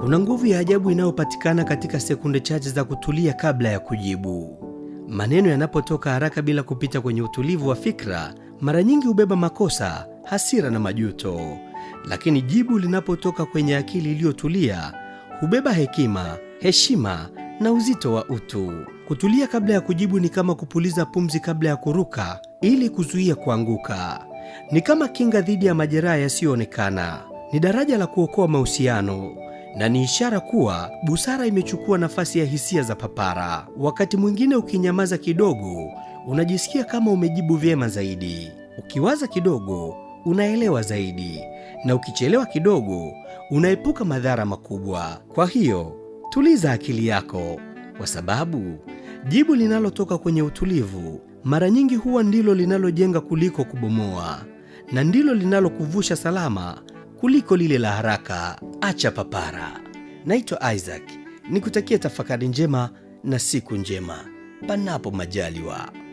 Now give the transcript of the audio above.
Kuna nguvu ya ajabu inayopatikana katika sekunde chache za kutulia kabla ya kujibu. Maneno yanapotoka haraka bila kupita kwenye utulivu wa fikra, mara nyingi hubeba makosa, hasira na majuto. Lakini jibu linapotoka kwenye akili iliyotulia, hubeba hekima, heshima na uzito wa utu. Kutulia kabla ya kujibu ni kama kupuliza pumzi kabla ya kuruka ili kuzuia kuanguka. Ni kama kinga dhidi ya majeraha yasiyoonekana. Ni daraja la kuokoa mahusiano na ni ishara kuwa busara imechukua nafasi ya hisia za papara. Wakati mwingine ukinyamaza kidogo, unajisikia kama umejibu vyema zaidi. Ukiwaza kidogo, unaelewa zaidi, na ukichelewa kidogo, unaepuka madhara makubwa. Kwa hiyo, tuliza akili yako, kwa sababu jibu linalotoka kwenye utulivu mara nyingi huwa ndilo linalojenga kuliko kubomoa, na ndilo linalokuvusha salama kuliko lile la haraka. Acha papara. Naitwa Isaac, nikutakia tafakari njema na siku njema, panapo majaliwa.